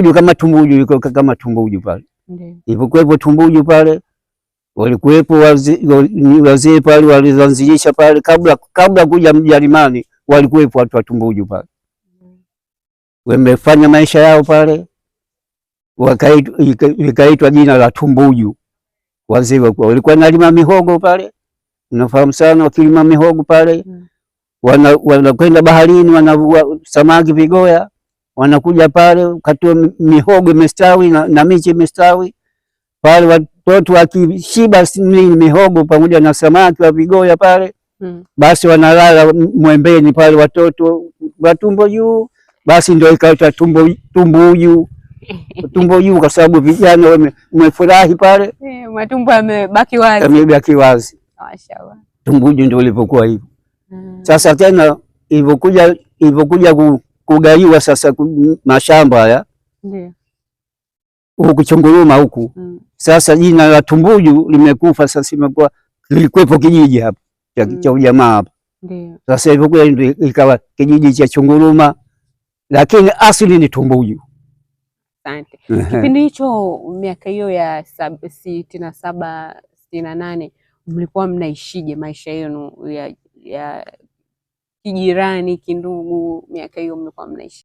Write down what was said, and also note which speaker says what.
Speaker 1: kuju kama tumbuju, kama tumbuju pale ilipokuwepo tumbuju pale, walikuwepo wazee pale walianzilisha pale, kabla kabla kuja Mjarimani walikuwepo watu wa tumbuju pale, wamefanya maisha yao pale, wakaitwa jina la tumbuju. Wazee walikuwa nalima mihogo pale, unafahamu sana, wakilima mihogo pale, mm. wanakwenda baharini, wanavua samaki vigoya wanakuja pale, katua mihogo imestawi na, na miche imestawi pale, watoto wakishiba nini mihogo pamoja na samaki wa vigoya pale mm. Basi wanalala mwembeni pale watoto wa tumbo juu, basi ndio ikaita tumbo tumbo juu tumbo juu, kwa sababu vijana wamefurahi pale,
Speaker 2: eh, matumbo yamebaki wazi,
Speaker 1: yamebaki wazi. Mashaallah, tumbo juu ndio ilivyokuwa hivyo mm. Sasa tena ilivyokuja ilivyokuja ku kugaiwa sasa mashamba haya ndio huku Chunguruma huku mm. Sasa jina la Tumbuju limekufa sasa, imekuwa lilikuwepo kijiji hapa cha mm. ujamaa hapa ndio Sasa hivyo kule ikawa kijiji cha Chunguruma, lakini asili ni Tumbuju.
Speaker 2: Asante. Kipindi hicho miaka hiyo ya sitini na saba sitini na nane mlikuwa mnaishije maisha yenu ya, ya kijirani, kindugu, miaka hiyo mlikuwa mnaishi.